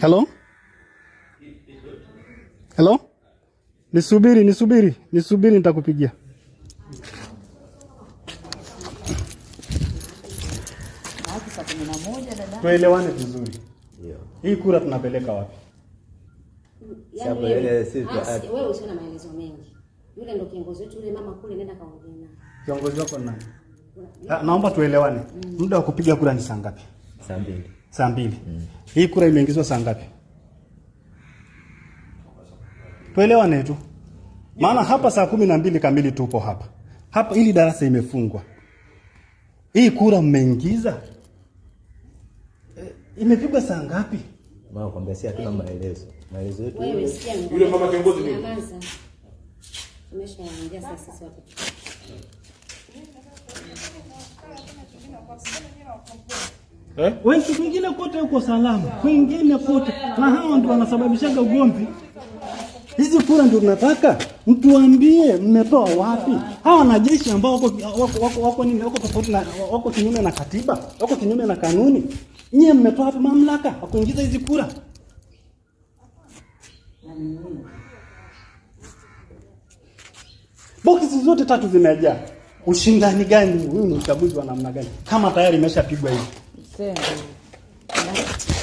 Hello? Hello? Nisubiri, nisubiri, nisubiri nitakupigia. Tuelewane vizuri. Hii kura tunapeleka wapi? Kiongozi wako nani? Ah, naomba tuelewane. Mm. Muda wa kupiga kura ni saa ngapi? Saa mbili saa mbili. Mm. Hii kura imeingizwa saa ngapi? Tuelewane tu, maana hapa saa kumi na mbili kamili tupo hapa hapa, ili darasa imefungwa. Hii kura mmeingiza eh, imepigwa saa ngapi? Eh? Wengi kwingine kote uko salama, kwingine kote na hao ndio wanasababishaga ugomvi. Hizi kura ndio tunataka mtuambie, mmetoa wapi? Hawa wanajeshi ambao wako wako wako, wako nini, wako tofauti na wako kinyume na katiba, wako kinyume na kanuni, nyie mmetoa wapi mamlaka wakuingiza hizi kura? Boksi zote tatu zimejaa. Ushindani gani? Huyu ni uchaguzi wa namna gani kama tayari imeshapigwa hivi? 对。